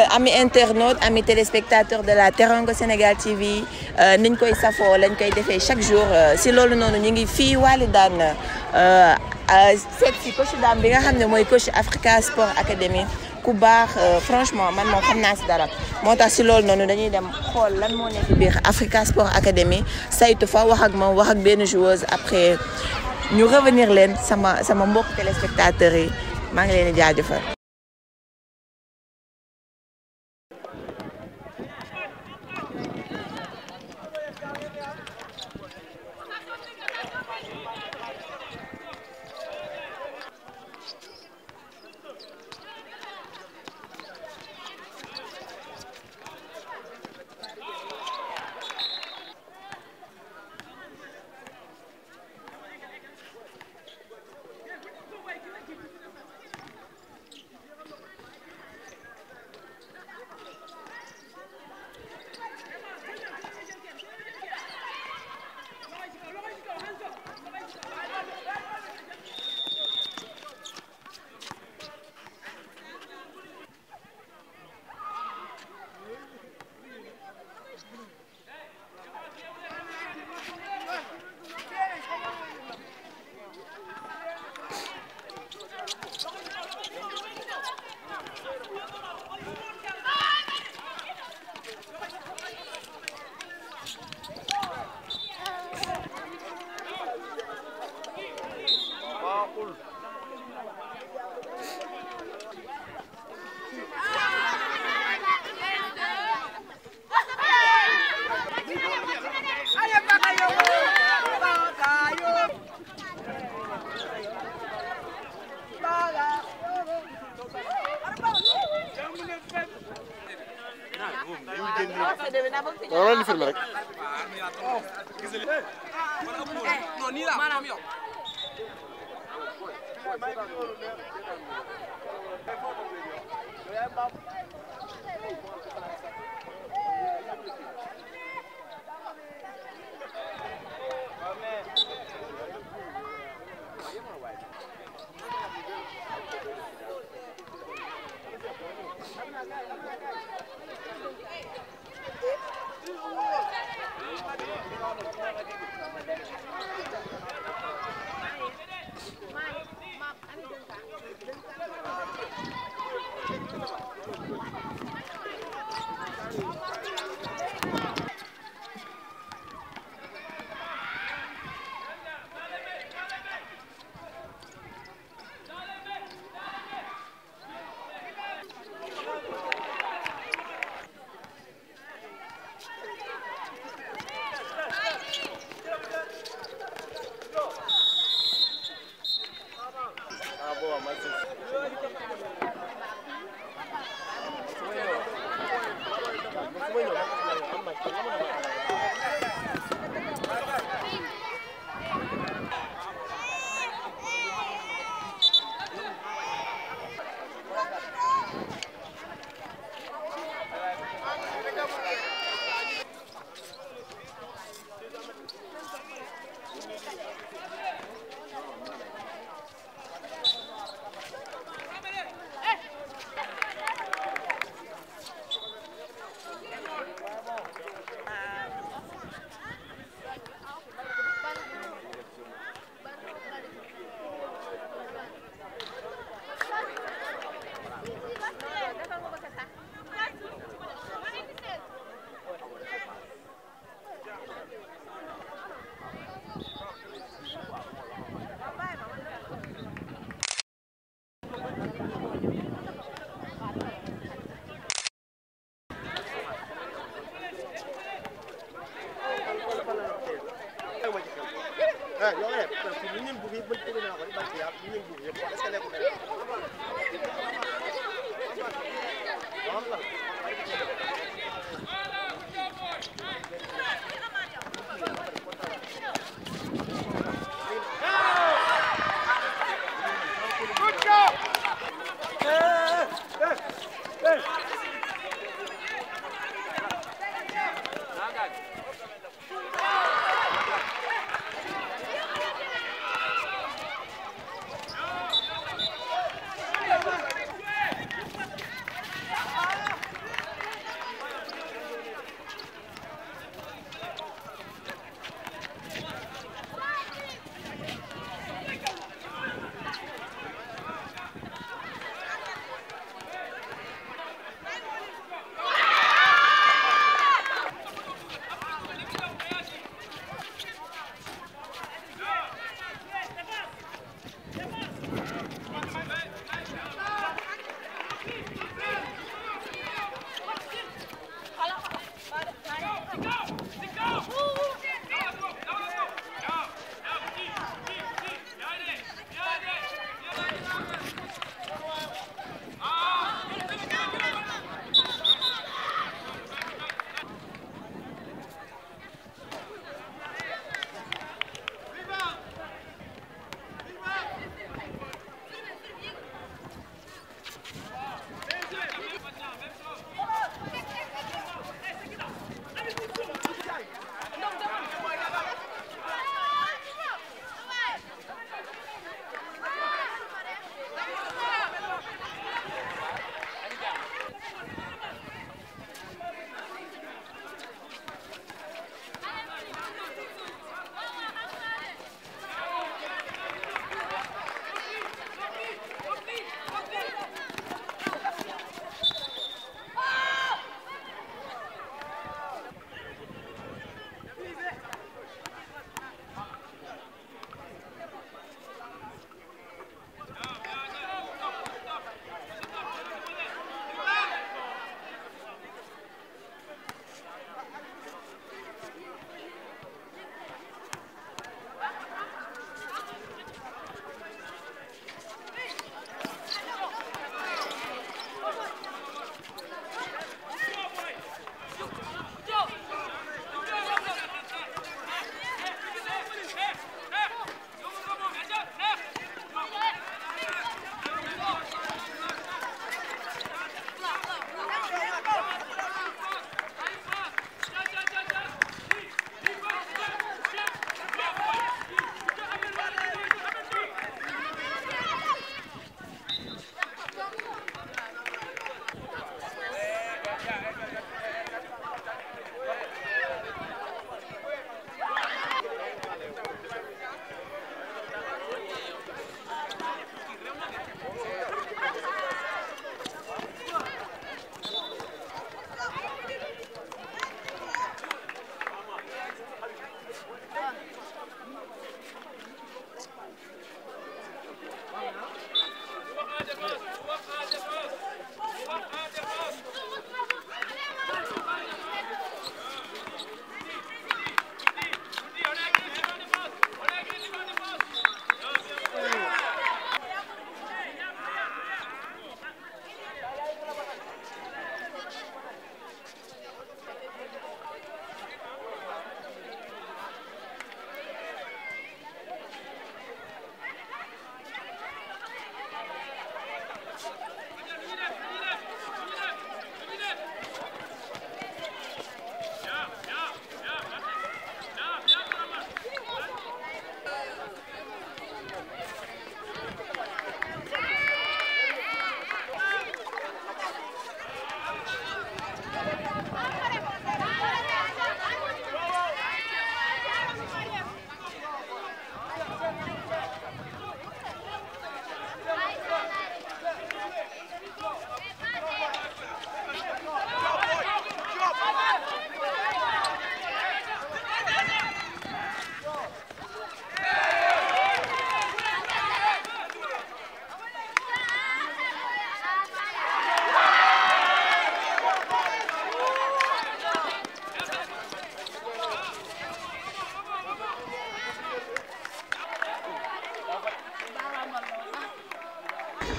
Euh, ami internautes ami téléspectateurs de la Teranga Sénégal TV euh, niñ koy Safo, lañ koy defee chaque jour euh, si loolu noonu ñu ngi fii Wally daan Cette coach daam bi nga coach Africa Sport Academy ku baax franchement man moom xam naa si dara moo tax si loolu noonu dañuy dem lan nekk biir Africa Sport Academy saytu fa wax ak moom wax ak benn joueuse après ñu revenir là, sama sama mbokk téléspectateurs yi maa ngi leen di jaajëfal dama doon di filmer rek.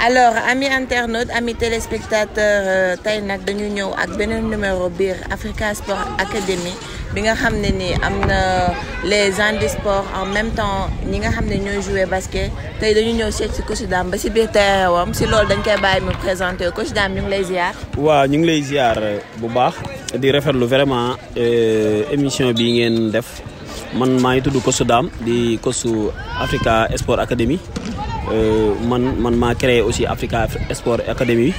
alors ami internautes, ami téléspectateurs, euh, tey nag dañu ñëw ak numéro biir Africa Sport Academy bi nga xam ne nii am na les handisports en même temps Nous nga xam ne jouer basket tey dañu ñëw seet le coach Dame ba si biir terrain si loolu dañ koy bàyyi mu coach Dame ñu ngi lay ziar. waaw ñu ngi lay ziar euh, bu baax di vraiment euh, émission bi ngeen def man maa tudd coach Dame di coach Africa Sport Academy. Euh, man man ma créé aussi Africa Sport Academy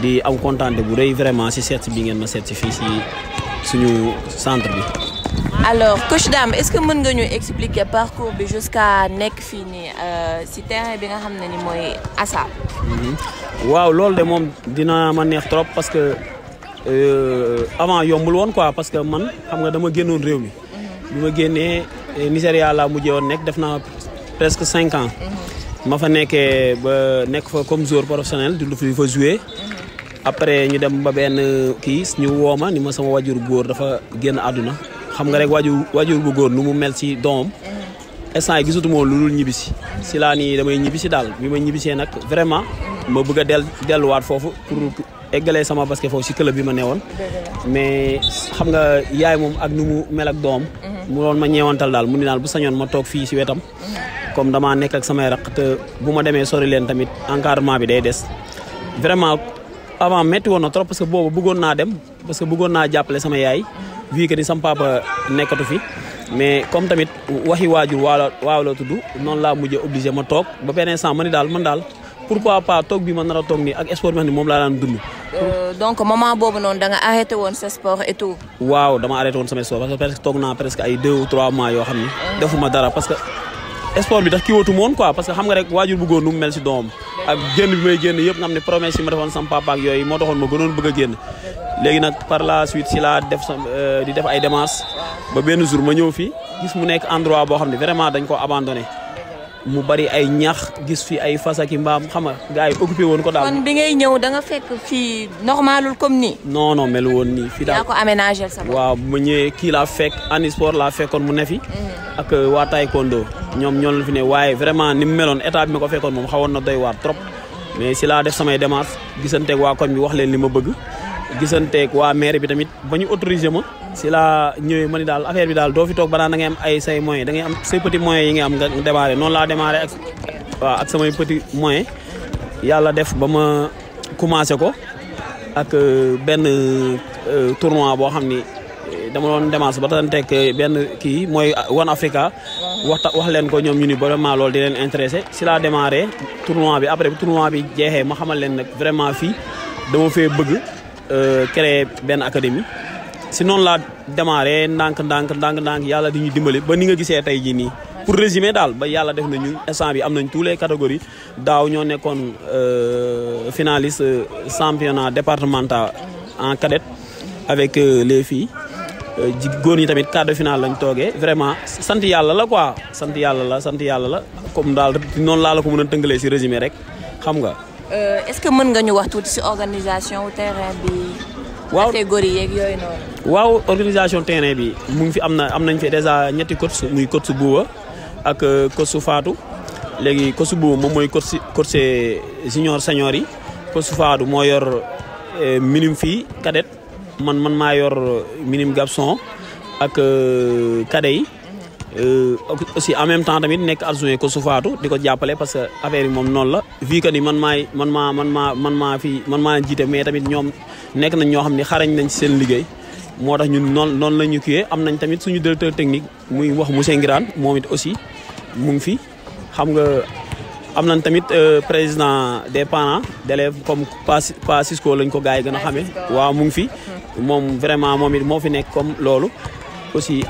di am contenté bu rëy vraiment ci seet bi ngeen ma seet si fii suñu centre bi. alors coach Dame est-ce que mën nga ñu expliquer parcours bi jusqu'à nekk fii euh, ci terrain bi nga xam ne ni mooy ASA. Mhm. waaw loolu de moom dina ma neex trop parce que euh, avant yombul woon quoi parce que man xam nga dama génnoon réew mi. Mhm. bi ma génnee Nigeria laa mujjee woon nek def naa presque 5 ans. Mhm. ma fa nekkee ba nekk fa comme joueur professionnel di lu fi fa jouer après ñu dem ba benn kii ñu woo ma ni ma sama wajur góor dafa génn àdduna xam nga rek wajur wajur bu góor nu mu mel ci doomam instant yi gisatu lu dul ñibbisi si laa nii damay ñibbisi daal bi ma ñibbisee nag vraiment ma bëgg dell del delluwaat foofu pour eggalee sama basket foofu si club bi ma newoon mais xam nga yaay moom ak nu mu mel doom doomam mu doon ma ñeewantal daal mu ni daal bu sañoon ma toog fii si comme dama nek ak sama raq te buma démé sori len tamit encadrement bi day dess vraiment avant metti wona trop parce que bobu bëggon na dem parce que bëggon na jappalé sama yaay vu que ni sama papa nekatu fi mais comme tamit wahi wajur wala wala la non la mujjé obligé ma tok ba beneen instant ma dal man dal pourquoi pas tok bi ma nar tok ni ak sport bi mom la lan dund. Euh, donc maman bobu non da nga arrêté won ce sport et tout. waaw dama arrêté won sama sport parce que tok na presque ay 2 ou 3 mois yo xamni ah. defuma dara parce que. sport bi tax kii wootu woon quoi parce que xam nga rek waajur bu góor nu mu mel si doomam ak génn bi may génn yëpp nga xam ne promesse yi ma defoon sama papa ak yooyu moo taxoon ma gënoon bëgg a génn léegi nag par la suite si la def sa euh, di def ay démarches ba benn jour ma ñëw fi gis mu nekk endroit boo xam ne vraiment dañ ko abandonné mu bari ay ñax gis fi ay fas ak mbaam xam nga gars yi occupé woon ko daal. kon bi ngay ñëw da nga fekk fii normalul comme nii. non non melu woon nii. fii daal yaa ko aménagé sa bopp. waaw bu ma ñëwee kii laa fekk Anisport laa fekkoon mu ne fi. Mm. ak euh, waa taekwondo. ñom ñol leen fi ne waaye vraiment ni mu meloon état bi mako fekkon mom xawon na doy war trop mais si la def samay démarche ak wa koñ bi wax leen li ma bëgg ak wa maire bi tamit bañu autoriser ma si la ñëwé mani dal affaire bi dal do fi tok bana da ngay am ay say moyens da ngay am say petit moyens yi ngay am nga démarrer non la démarrer ak wa ak samay petit moyens yalla def ba ma commencé ko ak euh, ben euh, tournoi bo xamni dama don démarche ba tek euh, ben ki moy One Africa waxta wax leen ko ñoom ñu ni vraiment loolu di leen intéressé si laa démarré tournoi bi après tournoi bi jeexee ma xamal leen nag vraiment fii dama fee bëgg euh, créer benn académie si noonu laa démarré ndànk ndànk ndànk ndànk yàlla di ñu dimbali ba ni nga gisee tey jii nii. pour résumer daal ba yàlla def nañu instant bi am nañ tous les catégories daaw ñoo nekkoon euh, finaliste euh, championnat départemental en cadette avec les filles. ji góor yi tamit quart de finale lañ toogee vraiment sant yàlla la quoi sant yàlla la sant yàlla la comme daal noon laa la ko mën a tëngalee si résumé rek xam nga. Euh, est-ce que mën nga ñu wax tuuti si organisation terrain bi. waaw catégorie yeeg yooyu noonu. waaw organisation terrain bi mu fi am na am nañ fi déjà ñetti coach muy coach Bouba ak euh, coach Fatou léegi coach Bouba moom mooy coach coach junior senior yi coach Fatou moo yor euh, minime fii man man maa yor minime garçon ak euh, cadet yi. Euh, aussi en même temps tamit nekk adjoint ko sufaatu di ko jàppale parce que affaire yi moom noon la. vu que ni man maay man maa man maa man maa fi man maa jiite mais tamit ñoom nekk nañ ñoo xam ne xarañ nañ ci seen liggéey. moo tax ñun noon noonu la ñu kiiyee am nañ tamit suñu directeur technique muy wax monsieur Ngiraan moom it aussi mu ngi fi xam nga am nañ tamit euh, président des parents d'élèves comme Pa Cisco lañ ko gars yi gën a xamee. waaw mu ngi fi. moom vraiment moom it moo fi nekk comme loolu aussi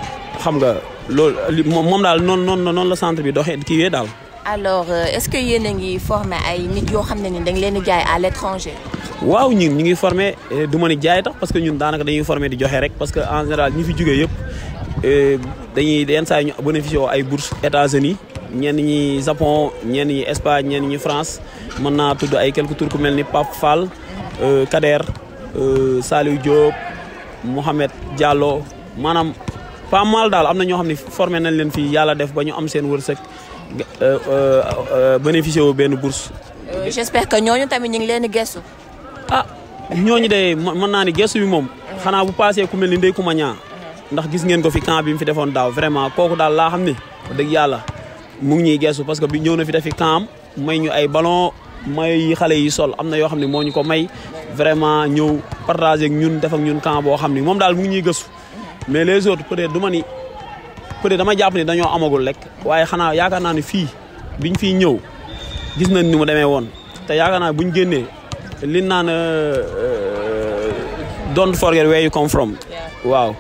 xam nga loolu moom daal noonu noonu noonu la centre bi doxee kii yee daal. alors euh, est-ce que yéen a ngi formé ay nit yoo xam ne ni dañ leen di jaay à l'étranger. waaw ñun ñu ngi formé euh, du ma ni jaay tax parce que ñun daanaka dañuy formé di joxe rek parce que en général ñu fi jógee yëpp euh, dañuy yenn saa ñu bénéficié ay bourses États-Unis ñenn ñi Japon ñenn ñi Espagne ñenn ñi France mën naa tudd ay quelques tours ku mel ni Pape Fall Kader. Euh, Saliou Diop Mouhamed Diallo maanaam pas mal daal am na ñoo xam ne formé nañ leen fii yàlla def ba ñu am seen wërsëg euh, euh, bénéficié wu benn bourse. j'espère que ñooñu tamit ñu ngi leen di gëstu. ah ñooñu de mën naa ni gëstu bi moom. xanaa bu paasee ku mel ni Ndeye Couma ndax gis ngeen ko fi camp bi mu fi defoon daaw vraiment kooku daal laa xam ni dëgg yàlla mu ngi ñuy gëstu parce que bi ñëw na fi defi camp may ñu ay ballon. mayo yi xale yi sol am na yoo xam ne moo ñu ko may vraiment ñëw partager ak ñun def ñun camp boo xam ne moom daal mu ngi ñuy gëstu mais les autres peut du ma ni peut dama jàpp ne dañoo amagul rek waaye xanaa yaakaar naa ne fii biñ fi ñëw gis nañ ni mu demee woon te yaakaar naa buñ génnee li naan euh, don't forget where you come from waaw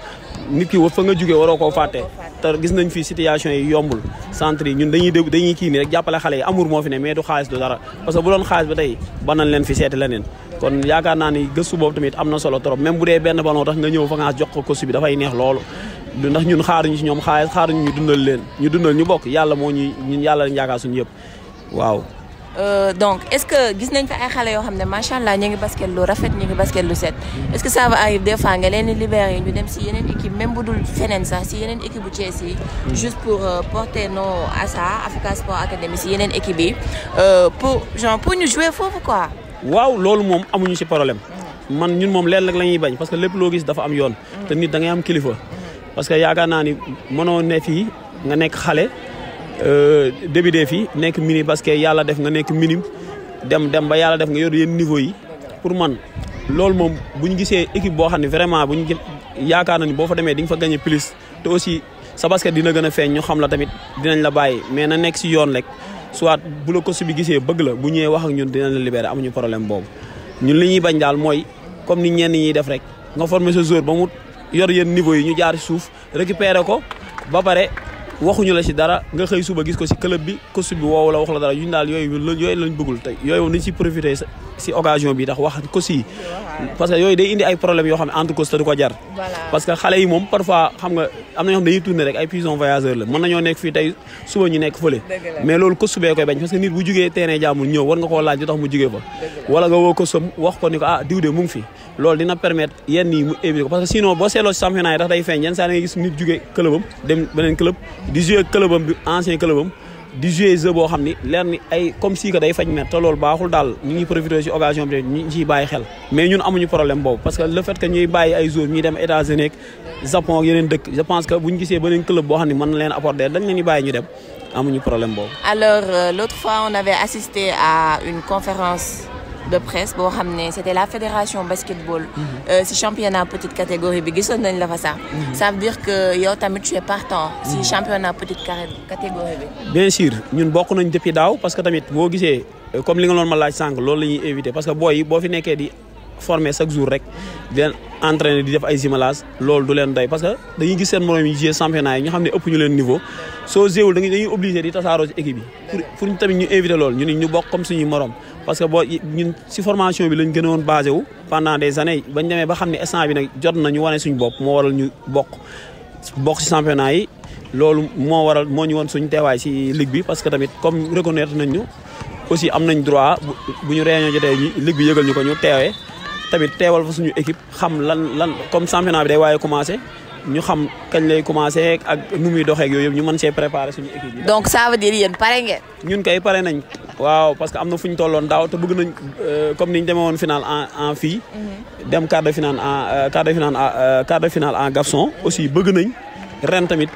nit ki a nga jógee waroo ko fàtte te gis nañ fi situation yi yombul centre yi ñun dañuy dégg dañuy kii rek jàppale xale yi amour moo fi ne mais du xaalis du dara parce que bu doon xaalis ba tey banañ leen fi seeti leneen kon yaakaar naa ni gëstu tamit am na solo trop même bu dee benn banoo tax nga ñëw vacances jox ko coach bi dafay neex loolu ndax ñun ñu si ñoom xaalis xaaruñu ñu dundal leen ñu dundal ñu bokk yàlla moo ñuy ñun yàlla lañ yaakaar suñu yëpp waaw Euh, donc est-ce que gis nañ fa ay xalé yo xamné machallah ñi ngi basket lu rafet ñi ngi basket lu set est-ce que ça va arriver des fois nga leen di libérer ñu dem si yeneen équipe même bu dul feneen sax si yeneen équipe bu Thiès yi. juste pour euh, porter nos à ça Africa Sport Academy si yeneen équipe euh, pour genre pour ñu jouer ou quoi. waaw loolu moom amuñu ci problème. man ñun moom leen rek la ñuy bañ parce que lépp loo gis dafa am yoon. te nit da ngay am kilifa. parce que yaakaar naa ni mënoo ne fii nga nekk xale. Euh, débuté fii nekk minime parce que yàlla def nga nekk minime dem dem ba yàlla def nga yor yenn niveau yi pour man loolu moom bu ñu gisee équipe boo xam ne vraiment bu ñu yaakaar na ni boo fa demee di nga fa gagné plus te aussi sa basket dina gën a feeñ ñu xam la tamit dinañ la bàyyi mais na nekk si yoon rek soit bu la coach bi gisee bëgg la bu ñëwee wax ak ñun dinañ la libéré amuñu problème boobu. ñu li ñuy bañ daal mooy comme ni ñeen ñiy def rek nga former sa joueur ba yor yenn niveau yi ñu jaar suuf récupéré ko waxuñu la ci dara nga xëy suba gis ko ci club bi coach bi woowu la wax la dara ñu daal yooyu yooyu lañ bëggul tey yooyu nañ ci profité si occasion bi ndax wax ko si parce que yooyu day indi ay problème yoo xam entre cause te du ko jar parce que xale yi moom parfois xam nga am na ñoo xam ne dañuy tourner rek ay pigeon voyageur la mën nañoo nekk fii tey suba ñu nekk fële mais loolu ko subee koy bañ parce que nit bu jugee terrain jaamul ñëw war nga koo laaj lu tax mu jugee fa wala nga woo ko sëm wax ko ni ko ah diw de fi loolu dina permettre yenn yi ko parce que sinon boo seetloo si di jouer jeu boo xam ni leer ni ay comme si que day faj mer te loolu baaxul daal ñu ngi profiter si occasion bi ñu ci bàyyi xel mais ñun amuñu problème boobu parce que le fait que ñuy bàyyi ay joueurs ñuy dem États-Unis Japon ak yeneen dëkk je pense que bu ñu gisee beneen club boo xam ne mën na leen apporter dañ leen di bàyyi ñu dem amuñu problème boobu. alors euh, l'autre fois on avait assisté à une conférence de presse pour ramener, c'était la fédération basketball. Mhm. Euh, si championnat petite catégorie bi gisoon la fa mhm. ça veut dire que yo tamit tu es partant. si mhm. championnat petite catégorie bien sûr ñun pouvons nañ depuis dépêcher parce que tamit boo euh, comme li nga normalement ma laaj sang, loolu la parce que booy yi boo fi nekkee di. former chaque jour rek di di def ay simulage loolu du leen doy parce que dañuy gis seen morom yi jouer championnat xam ne ëpp ñu leen niveau soo géewul da dañuy obligé di tasaaroo ci équipe yi pour tamit ñu invité loolu ñu ñu bokk comme suñuy morom parce que boo ñun formation bi lañ gën a woon basé wu pendant des années bañ demee ba xam ne instant bi nag jot nañu wane suñu bopp moo waral ñu bokk bokk si championnat yi loolu moo waral moo ñu woon suñu teewaay si ligue bi parce que tamit comme reconnaître nañ ñu aussi am nañ droit bu ñu réunion jotee ligue bi yëgal ñu ko ñu teewee tamit teewal fa suñu équipe xam lan lan comme championnat bi day waaye commencé ñu xam kañ lay commencé ak nu muy doxeek yooyu ñu mën see préparer suñu équipe yi. donc ça veut dire yéen pare ngeen. ñun kay pare nañ. waaw parce que am na fu ñu tolloon daaw te bëgg nañ euh, comme niñ ñu demee woon finale en en fii. Mhm. dem quart de finale en euh, quart de finale en euh, quart de finale en garçon. aussi bëgg nañ ren tamit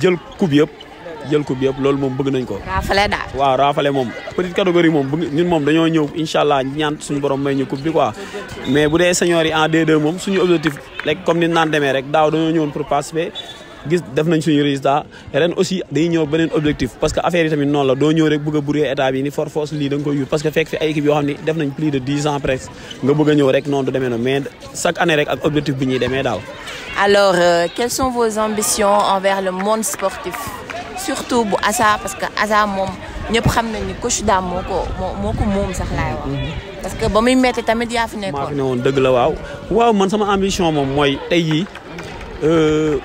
jël coupe yëpp jël coupe yëpp loolu moom bëgg nañ ko. raafale daal waaw raafale moom. petite catégorie moom ñun moom dañoo ñëw incha allah ñaan suñu borom may ñu coupe bi quoi mais bu dee senior yi en D2 moom suñu objectif rek comme ni naan demee rek daaw dañoo ñëwoon pour participer gis def nañ suñu résultat ren aussi day ñëw beneen objectif parce que affaire yi tamit noonu la doo ñëw rek bëgg a buree état bi ni for force lii da nga koy yur parce que fekk fi ay équipe yoo xam ne def nañ plus de dix ans presque nga bëgg a ñëw rek noonu du demee noonu mais chaque année rek ak objectif bi ñuy demee daal. alors euh, quelles sont vos ambitions envers le monde sportif surtout bu Asa parce que Asa moom ñëpp xam nañ ni coach daam moo ko moo ko moom sax laay wax. Mhm. parce que ba muy métti tamit yaa fi nekkoon. maa fi ne woon dëgg la waaw. waaw man sama ambition moom mooy tey jii euh,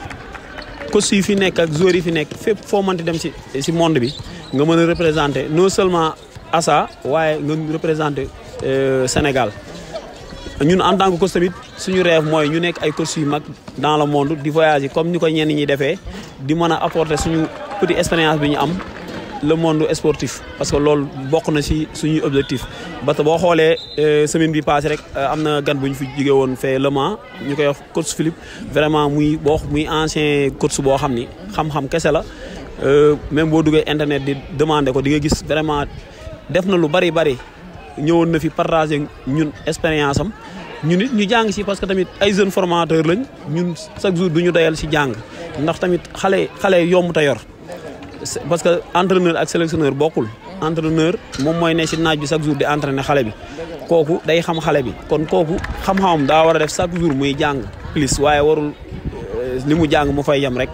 coach yi fi nekk ak joueurs yi fi nekk fépp foo mënti dem si si monde bi nga mën a représenter non seulement Asa waaye nga représenter euh, Sénégal. ñun en tant que coach tamit suñu rêve mooy ñu nekk ay coach yu mag dans le monde di voyager comme ni ko ñenn ñi defee di mën a apporter suñu. ëpp di expérience bi ñu am le monde sportif parce que lool bokk na ci suñu objectif ba que bo xolé euh, semaine bi passé rek euh, amna gan buñ fi jigé won fé Le Mans ñu koy wax coach Philippe vraiment muy bokk muy ancien coach bo xamni xam-xam kessé la euh, même bo duggé internet di demander ko di nga gis vraiment def na lu bari bari ñëwon na fi partager ñun expérience am ñu nit ñu jang ci parce que tamit ay jeunes formateurs lañ ñun chaque jour duñu doyal si jang, ndax tamit xalé xalé yomb te yor. parce que entraîneur ak sélectionneur bokkul. entraîneur moom mooy ne si naaj bi chaque jour di entraîner xale bi. kooku day xam xale bi. kon kooku xam-xamam daa war a def chaque jour muy jàng plus waaye warul ni euh, mu jàng mu fay yem rek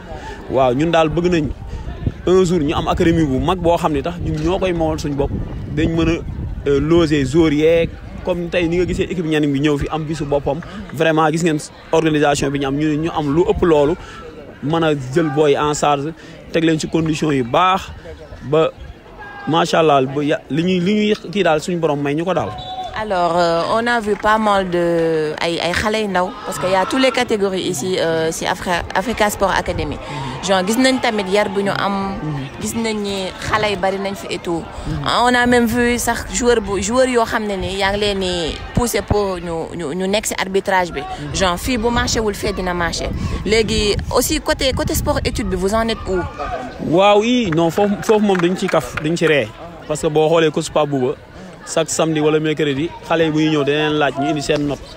waaw ñun daal bëgg nañ un jour ñu am académie bu mag boo xam ne tax ñu ñoo koy moomal suñu bopp dañ mën a euh, loger joueurs yeeg comme tey ni nga gisee équipe ñaning bi ñëw fi am bisu boppam vraiment gis ngeen organisation bi ñu am ñu ñu am lu ëpp loolu mën a jël booy en charge. les conditions ci condition yu baax ba macha allah ba li ñuy li alors euh, on a vu pas mal de ay ay xale parce qu'il y' a tous les catégories ici euh, c'est Africa Africa Sport Academy. Mhm. genre gis nañ tamit yar am. Mhm gis nañ ni xale yi bari nañ fi et tout ah, on a même vu sax joueur bu joueur yoo xam ne ni yaa ngi leen ni poussé pour ñu ñu ñu nekk si arbitrage bi genre fii bu marché wul fee dina marché léegi aussi côté côté sport étude bi vous en êtes où waaw yi non foofu foofu moom dañ ci kaf dañ ci ree parce que boo xoolee pas Bouba chaque samedi wala mercredi xale yi bu ñu ñëw daneen laaj ñu indi seen note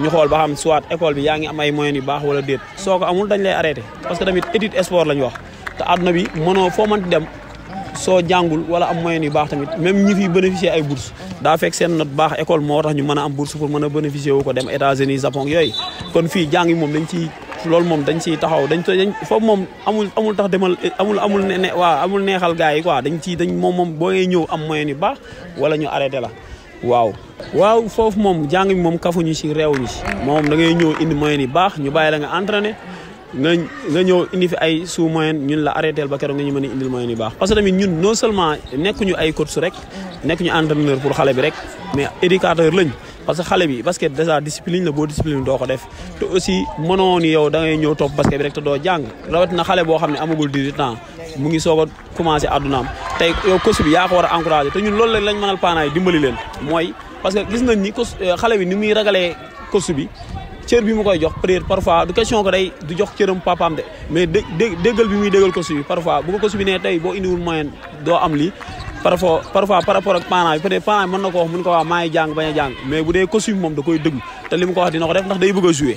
ñu xool ba xam soit école bi yaa ngi am ay moyens yu baax wala déet soo ko amul dañ lay arrêté parce que tamit étude sport lañ wax te na bi mënoo foo mënti dem soo jàngul wala am moyen yu baax tamit même ñi fi bénéficier ay bourse daa fekk seen note baax école moo tax ñu mën a am bourse pour mën a bénéficier wu ko dem États-Unis Japon yooyu kon fii jàng yi moom dañ ciy loolu moom dañ ciy taxaw dañ dañ foofu moom amul amul tax demal amul amul ne waaw amul neexal gars yi quoi dañ ci dañ moom moom boo ngay ñëw am moyen baax wala ñu arrêté la waaw waaw foofu moom jàng bi moom kafuñu si réewuñu si moom da ngay ñëw indi moyen yu baax ñu bàyyi la nga entraîné nga nga ñëw indi fi ay sous moyen ñun la arrêté ba keroog nga ñu mën a indil moyen yu baax parce que tamit ñun non seulement nekkuñu ay coach rek nekkuñu entraîneur pour xale bi rek mais éducateur lañ parce que xale bi basket déjà discipline la boo discipline doo ko def te aussi mënoo ni yow da ngay ñëw topp basket bi rek te doo jàng na xale boo xam ne amagul 18 ans mu ngi soog a commencé addunaam te yow coach bi yaa war a encouragé te ñun loolu lañ mënal paanaay dimbali leen mooy parce que gis nañ ni coach euh, xale bi ni muy ragalee coach bi cër bi mu koy jox peut-être parfois du question ko day du jox cëram papaam de mais dé déggal bi muy déggal ko parfois bu ko ne tey boo indiwul moyen doo am li parfois parfois par rapport na ko wax mun ko wax maa ngi jàng bañ a jàng mais bu dee costume moom da koy dëgg te li mu ko wax dina ko def ndax a jouer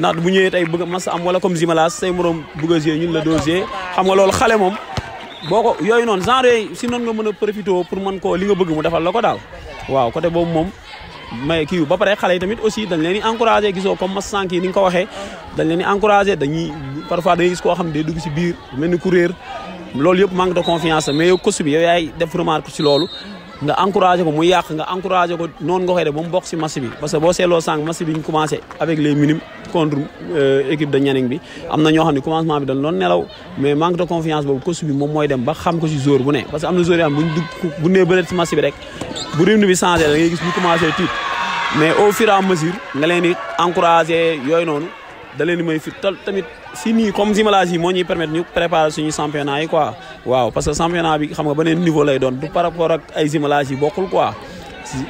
ndax bu ñëwee tey bëgg wala comme Zimalas say moroom bëgg a jouer ñun la dosé xam nga xale moom boo ko yooyu noonu genre si noonu nga mën a profité pour mën koo li bëgg mu defal la ko daal waaw côté boobu may kii ba pare xale yi tamit aussi dañ leen di encouragé gisoo comme ma sànq yi ni nga ko waxee dañ leen di encouragé dañuy parfois dañuy gis koo xam ne day dugg si biir mel ni ku loolu yëpp manque de confiance mais yow coach bi yow yaay def remarque si loolu nga encouragé ko mu yàq nga encouragé ko noonu nga koy def ba mu bokk si match bi parce que boo seetloo sànq match bi ñu avec les minimes contre euh, équipe de Nianing bi am na ñoo xam ne commencement bi dañ doon nelaw mais manque de confiance boobu coach bi moom mooy dem ba xam ko si joueur bu ne parce que am na joueur yoo bu ñu si match rek bu rythme bi changé da ngay gis ñu commencé tiit mais au fur et nga leen di encouragé yooyu noonu da leen di may fit tamit si nii comme simulation yi moo ñuy permettre ñu préparer suñu championnat yi quoi waaw parce que championnat bi xam nga beneen niveau lay doon du par rapport ak ay simulation yi bokkul quoi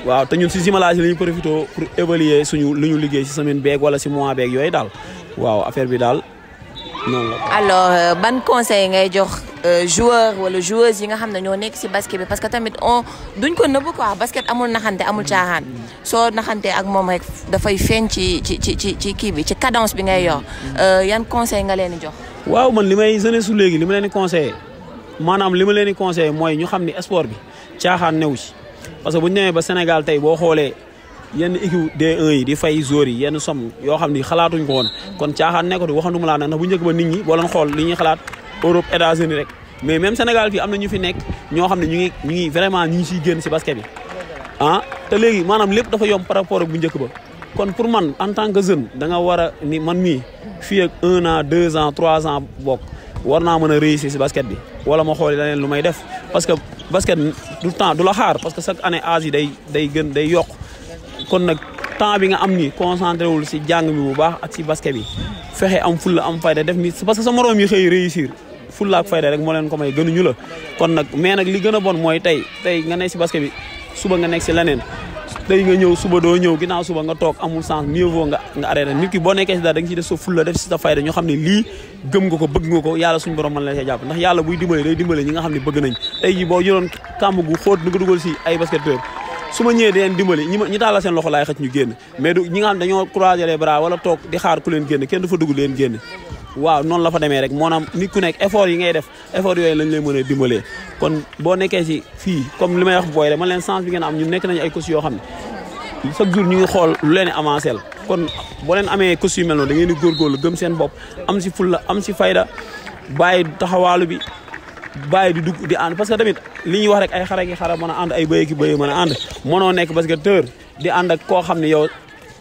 waaw te ñun si simulation yi la ñu profité pour évaluer suñu lu ñu liggéey si semaine beeg wala si mois beeg yooyu daal waaw affaire bi daal alors euh, ban conseil ngay jox euh, joueur wala joueuse yi nga xam ne ñoo nekk si basket bi parce que tamit on duñ ko nëbb quoi basket amul naxante amul caaxaan soo naxantee ak moom rek dafay feeñ ci ci ci ci ci kii bi ci cadence bi ngay yor euh, yan conseil nga leen di jox. waaw man li may jeunesse su léegi li ma leen di maanaam li ma leen di conseillé mooy ñu xam ni sport bi caaxaan newu ci parce que bu ñu demee ba Sénégal tey boo xoolee. yenn équipe D1 yi di fay joueurs yi yenn somme yoo xam ni xalaatuñ ko woon kon caaxaan nekkatu waxanduma laa nag ndax bu njëkk ba nit ñi boo leen xool li ñuy xalaat Europe États-Unis rek mais même Sénégal fii am na ñu fi nekk ñoo xam ne ñu ngi ñu vraiment ñu ngi siy génn si basket bi ah te léegi maanaam lépp dafa yom par rapport ak bu njëkk ba kon pour man en tant que jeune danga nga war a ni man mii fii ak un an deux ans trois ans bokk war naa mën a réussir si basket bi wala ma xool leneen lu may def parce que basket du temps du la xaar parce que chaque année âge day day gën day yokk kon nag temps bi nga am ni concentré wul si jàng bi bu baax ak si basket bi fexe am fulla am fayda def ni parce que sa moroom yi xëy réussir fulla ak fayda rek moo leen ko may gënuñu la kon nag mais nag li gën a bon mooy tey tey nga nekk si basket bi suba nga nekk si leneen tey nga ñëw suba doo ñëw ginnaaw suba nga toog amu sens mieux vaut nga nga arrêté nit ki boo nekkee si dara ci nga si def sa fulla def si sa fayda ñoo xam ne lii gëm nga ko bëgg nga ko yàlla suñu borom mën la jàpp ndax yàlla buy dimbale day dimbale nga xam ne bëgg nañ tey ji boo jëloon kàmm gu xóot du ko dugal si ay basketteur su ma ñëwee di dimbali ñi ma ñi tàllal seen loxo laay xëcc ñu génn mais du ñi nga xam dañoo croiser les bras toog di xaar ku leen génn kenn dafa dugg leen génn waaw noonu la fa demee rek maanaam ni ku nekk effort yi ngay def effort yooyu lañ lay mën a dimbalee kon boo nekkee si fii comme li may wax booy rek man leen chance bi ngeen am ñu nekk nañu ay cause yoo xam ne chaque jour ñu ngi xool lu leen avancé la kon boo leen amee cause yu mel noonu da ngeen di góorgóorlu gëm seen bopp am si fulla am si fayda bàyyi taxawaalu bi baay di dug di ànd parce que tamit li ñuy wax rek ay xare ki xara mën a ànd ay bëy ki bëy mën a ànd nekk parce que tër di ànd ak koo xam ne yow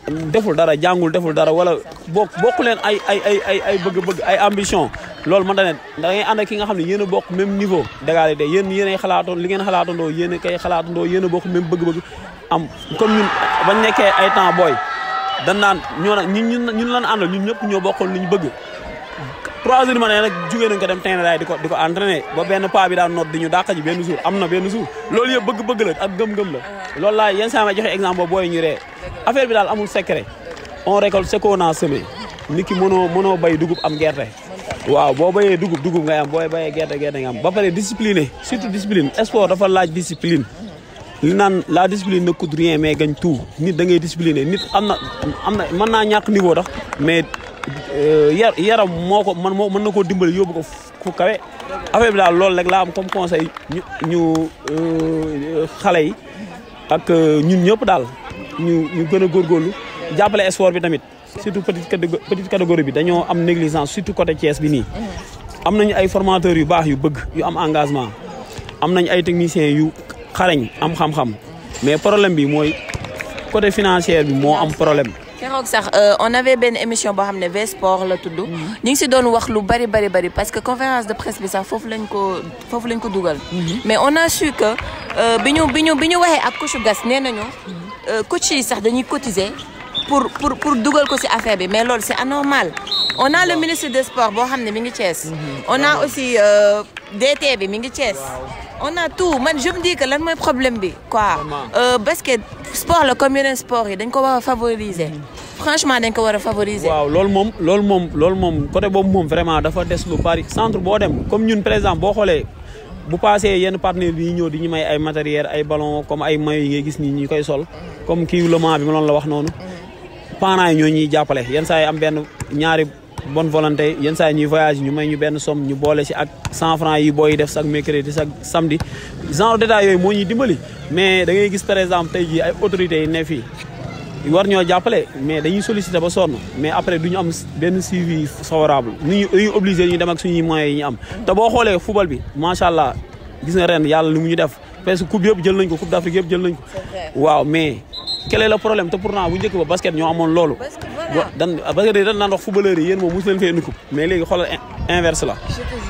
deful dara jàngul deful dara wala bokk bokku leen ay ay ay ay ay bëgg-bëgg ay ambition loolu man da ngay ànd ak ki nga xam ne yéen a bokk même niveau d'égalité yéen yéen ay xalaatoon li ngeen xalaatandoo yéen a koy xalaatandoo yéen a bokk même bëgg-bëgg am comme ñun bañ nekkee ay temps booy dan naan ñoo nag ñun ñun lan àndal ñun ñëpp ñoo bokkoon li ñu bëgg trois heures ma ne nag jugee nañ ko dem terrain daay di ko di ko entraîné ba benn paa daan noot di ñu dàq ji benn jour am na benn jour loolu yëpp bëgg-bëgg la ak gëm-gëm la loolu laa yenn saa ma joxe exemple boobu booy ñu ree affaire bi daal amul secret on récolte ce qu'on a semé nit ki mënoo mënoo bay dugub am gerte waaw boo bayee dugub dugub ngay am bayee gerte gerte nga am ba pare discipliné surtout discipline sport dafa laaj discipline li naan la discipline ne coûte rien mais gagne tout nit da ngay discipliné nit am na am na mën naa ñàkk niveau tax mais Euh, yar yaram moo ko man moo mën na koo dimbali yóbbu ko fu kawe bi daal loolu rek laa am comme conseil ñu ñu euh, xale yi ak euh, ñun ñëpp daal ñu ñu gën a góorgóorlu jàppale sport bi tamit surtout petite petite catégorie bi dañoo am négligence surtout coté Thiès bi nii am nañ ay formateurs yu baax yu bëgg yu am engagement am nañ ay techniciens yu xarañ am xam-xam mais problème bi mooy côté financier bi moo am problème keroog sax euh, on avait ben émission boo xamné ne V-Sport la tudd. Mm. ñu ngi doon wax lu bari bari bari parce que conférence de presse bi sax fofu lañ ko fofu lañ ko dugal. Mm. mais on a su que euh, bi biñu biñu ñu bi ak coach gas nee mm. euh coach sax dañuy cotiser pour pour pour Dougal ko ci affaire bi mais loolu c'est anormal on a le ministre des sports boo de ne mi ngi mhm. on a aussi euh, DT bi mi ngi on a tout man je me dis que là le problème bi quoi. Euh, basket sport le comme sport yi dañ ko war favoriser. Mhm. franchement il ko war favoriser. waaw loolu mom, loolu mom, loolu mom. côté boobu mom, vraiment dafa des lu Paris centre boo dem comme ñun par exemple boo xoolee. bu paasee yenn partenaire bi ñëw di ñu may ay matériel ay ballon comme ay maillots yi ngay gis nii ñu koy sol comme kii lament bi ma loon la wax noonu mhm. parents yi ñoo ñuy jàppale yenn saa yi am benn ñaari bonne volonté yenn saa yi ñuy voyage ñu may ñu benn somme ñu boole si ak cent franc yi booy def chaque mercredi chaque samedi genre détail yooyu moo ñuy dimbali mais da ngay gis par exemple tey jii ay autorités yi ne fii war ñoo jàppale mais dañuy solliciter ba sonn mais après du ñu am benn suivi favorable ñu ñu obligé ñu dem ak suñuy moyens yi ñu am te boo xoolee football bi macha allah gis na ren yàlla li mu ñu def parce que coupe yëpp jël nañ ko coupe d'Afrique yëpp jël nañ ko quel est le problème te pourtant bu njëkk ba basket ñoo amoon loolu. Ah. dan basket yi dañ naan wax footballeur yi yéen moom mosu leen fee indi coupe mais léegi inverse la.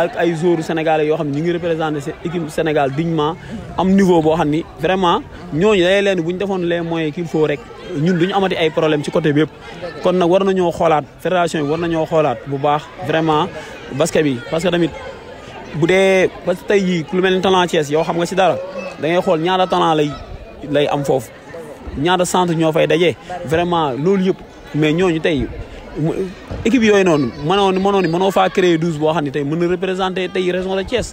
ak ay joueurs sénégalais yoo xam ne ñu ngi représenté seen équipe Sénégal dignement am niveau boo xam ni vraiment ñooñu day leen bu defoon les moyens qu'il faut rek ñun du amati ay problème ci côté bépp kon nag war nañoo xoolaat fédération yi war nañoo xoolaat bu baax vraiment basket bi parce que tamit bu dee parce que tey jii lu mel ni talent Thiès yoo xam nga si daal da ngay xool ñaata talent lay lay am foofu ñaata centre ñoo fay daje vraiment loolu yëpp mais ñooñu tey. équipe yooyu noonu mënoo mënoo ni mënoo faa créer douze boo xam ne tey mën na représenter tey région de Thiès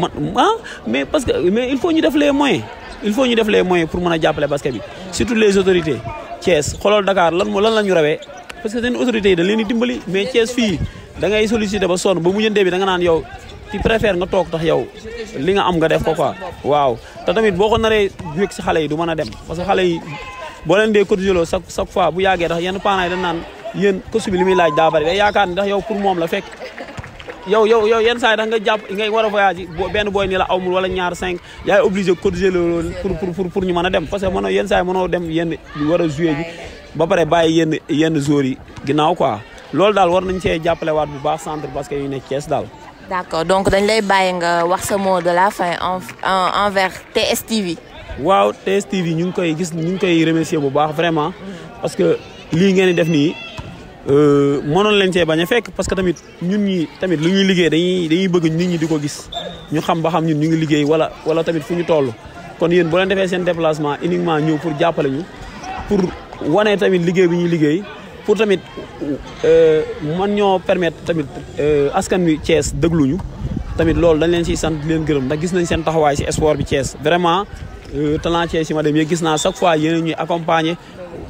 man ah mais parce que mais il faut ñu def les moyens il faut ñu def les moyens pour mën a jàppale basket bi surtout les autorités Thiès xoolal Dakar lan moo lan la ñu rawee parce que seen autorités yi dañ leen di dimbali mais Thiès fii da ngay solliciter ba sonn ba mu jëndee bi da nga naan yow ci préfère nga toog tax yow li nga am nga def ko quoi waaw te tamit boo ko naree wékk si xale yi du mën a dem parce que xale yi boo leen dee cotiser chaque chaque fois bu yàggee tax yenn parents yi dañ naan yéen coach bi li muy laaj daa bari day yaakaar ndax yow pour moom la fekk yow yow yow yenn saa da nga jàpp ngay war a voyage benn booy ni la awmul wala ñaar cinq yaay obligé cotiser le pour pour pour pour ñu mën a dem parce que mënoo yenn saa yi mënoo dem yenn war a jouer ji ba pare bàyyi yenn yenn joueurs yi ginnaaw quoi loolu daal war nañ cee jàppale waat bu baax centre basket yu nekk Thiès daal d'accord donc dañ lay bàyyi nga wax sa mot de la fin en envers TSTV waaw TSTV ñu ngi koy gis ñu ngi koy remercier bu baax vraiment parce que lii ngeen di def nii Euh, mënoon leen cee bañ a fekk parce que tamit ñun ñi tamit lu ñuy liggéey dañuy dañuy bëgg nit ñi di ko gis ñu xam ba xam ñun ñu ngi liggéey wala wala tamit fu ñu toll kon yéen bu leen defee seen déplacement uniquement ñëw pour jàppale ñu pour wane tamit liggéey bu ñuy liggéey pour tamit euh, man ñoo permettre tamit euh, askan wi Thiès dégluñu tamit loolu dañ leen siy sant leen gërëm ndax gis nañ seen taxawaay si sport bi cees vraiment talent Thiès yi ma dem yee gis naa chaque fois yéen ñuy accompagner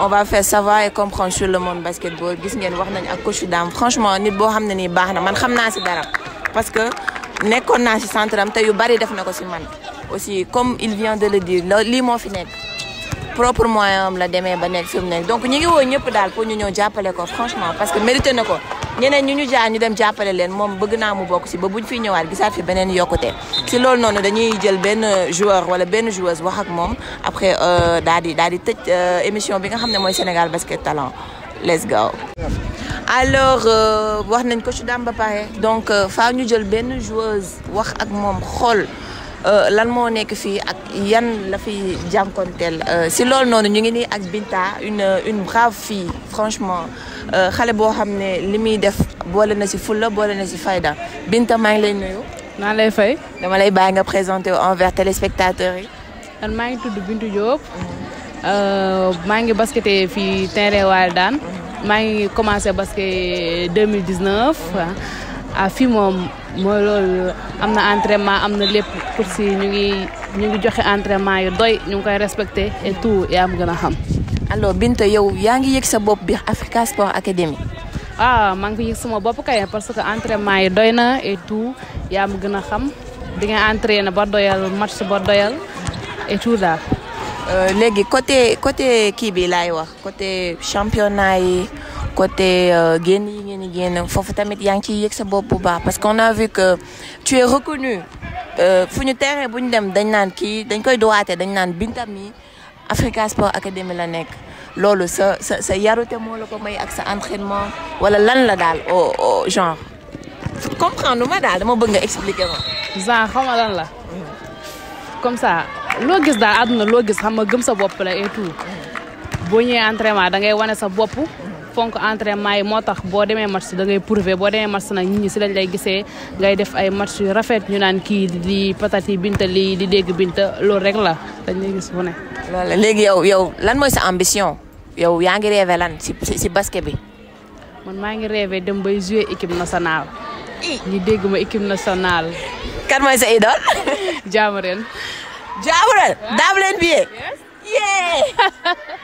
on va faire savoir et comprendre sur le monde basketball gis ngeen wax nañ ak coach Dam. franchement nit bo xam ni baxna na man xamna ci dara parce que nekkoon na ci centre am te yu bari def nako ci man aussi comme il vient de le dire li mo fi nek. propre moyen am la démé ba nek fi mu nekk donc ñi ngi wo ñëpp dal pour ñu ñëw jappalé ko franchement parce que mérité nako ñeneen ñu ñu jaar ñu dem jàppale leen moom bëgg naa mu bokk si ba buñ fi ñëwaat gisaat fi beneen yokkute si loolu noonu dañuy jël benn joueur wala benn joueuse wax ak moom après euh, daal di daal di tëj euh, émission bi nga xam ne mooy Sénégal Basket Talent let's go alors euh, wax nañ ko su daam ba pare donc faa ñu jël benn joueuse wax ak moom xol. Euh, lan moo nekk fii ak yan la fi jànkonteel euh, si ñu ngi Binta une une brave fille franchement euh, xale boo xam ne li def boole na si fulla boole na fayda Binta maa ngi lay nuyu. maa lay fay. dama lay nga envers téléspectateurs yi. man ngi Bintu Diop. Mm-hmm. maa ngi basketé fii terrain mm-hmm. maa ngi basket 2019. ah fii moom mooy loolu am na entraînement am na lépp course ñu ngi ñu ngi joxe entraînement yu doy ñu ngi koy respecté et yaa am gën a xam. alo Binta yow yaa ngi yëg sa bopp biir Africa Sport Academy. ah maa ngi ko yëg suma bopp kay parce que entraînement yi doy na et yaa am gën a xam di nga na ba doyal match ba doyal et tout daal. Euh, léegi côté côté kii bi laay wax côté championnat yi. côté génn yi ngeen di génn foofu tamit yaa ngi ciy sa bop bu parce qu'on a vu que tu es reconnu euh ñu terrain buñ dem dañ naan ki dañ koy dowaate dañ naan bintami Africa Sport Academy la nek lolu sa sa sa yarute mo la ko may ak sa entraînement wala lan la oh, oh, genre comprendre ma dal dama bëgg nga expliquer ma genre xama lan la comme ça lo gis dal aduna lo gis xama nga gëm sa bop la et tout boo entraînement da ngay wane sa bop fonk entraînement yi moo tax boo demee match da ngay prouver boo demee match nag nit ñi si lañ lay gisee ngay def ay match yu rafet ñu naan kii di patati binta lii di dégg binta loolu rek la dañ lay gis bu ne. loolu léegi yow yow lan mooy sa ambition yow yaa ngi rêvé lan si si basket bi. man maa ngi rêvé dem bay jouer équipe nationale. ñu dégg ma équipe nationale. kan mooy sa idole. jaamu ren. jaamu ren. daam leen biyee. yeah.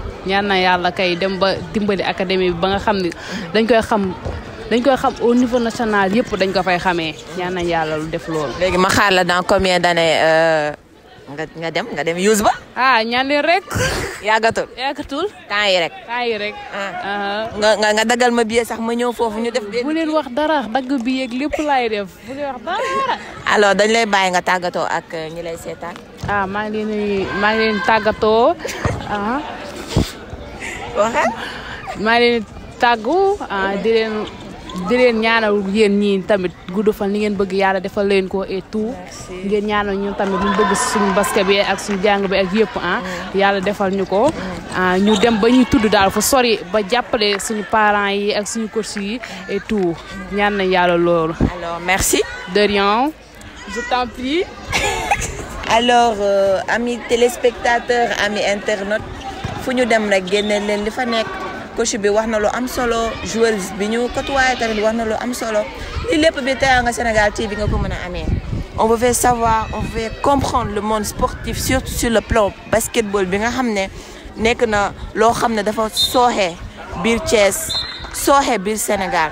ñaan na yàlla kay dem ba dimbali académie bi ba nga xam ni dañ koy xam dañ koy xam au niveau national yëpp dañ ko fay xamee ñaan na yàlla lu def loolu. léegi ma xaar la dans combien d'années euh, nga nga dem nga dem use ba. ah ñaan leen rek. yàggatul yàggatul. temps yi rek. temps yi rek. Ah. Uh-huh. nga nga nga daggal ma billet sax ma ñëw foofu ñu def. bu leen wax dara dagg bi ak lépp laay def bu dañ lay bàyyi nga tàggatoo ak euh, ñi lay seetaan. ah maa ngi leen maa tàggatoo ah. waxal maa leen tàggu ah, di leen di yéen ñii tamit gudd fan ni ngeen bëgg yàlla defal leen ko et tout ngeen ñaanal ñu tamit ñu bëgg suñu basket bi ak suñu jàng bi ak yëpp ah mm. yàlla defal ñu ko ah, ñu dem ba ñuy tudd daal fa sori ba jàppale suñu parent yi ak suñu coach yi et tout ñaan nañ yàlla loolu alors merci de rien je t'en prie alors euh, amis téléspectateurs amis internautes fu ñu dem rek génneel leen li fa nekk coach bi wax na lu am solo joueurs bi ñu côtoyé tamit wax na lu am solo li lépp bi Teranga Sénégal TV nga ko mën a amee. on veut savoir on veut comprendre le monde sportif surtout sur le plan basketball bi nga xam ne nekk na loo xam ne dafa sooxe biir Thiès sooxe biir Sénégal.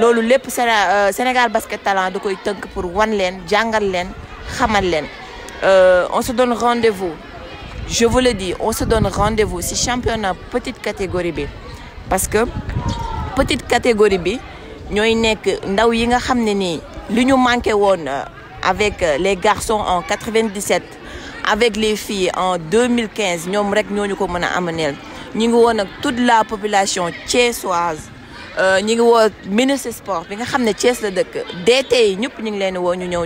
loolu lépp euh, Sénégal Basket Talent da koy tënk pour wan leen jàngal leen xamal leen euh, on se donne rendez-vous je vous le dis on se donne rendez-vous si championnat petite catégorie B, parce que petite catégorie B, nous nekk euh, avec euh, les garçons en 97 avec les filles en 2015 nous rek ñooñu ko toute la population chessoise. Euh, ñu ngi woo ministre sport bi nga xam ne Thiès la dëkk DT yi ñëpp ñu ngi leen woo ñu ñu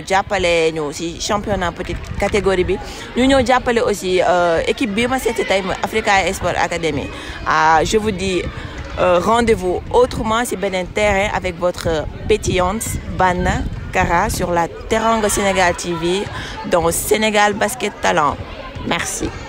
championnat petite catégorie bi ñu ñëw jàppale aussi euh, équipe bi ma seeti tey Africa Sport Academy ah je vous dis euh, rendez-vous autrement si un terrain avec votre pétillante Banna Kara sur la Teranga Sénégal TV dans Sénégal Basket Talent merci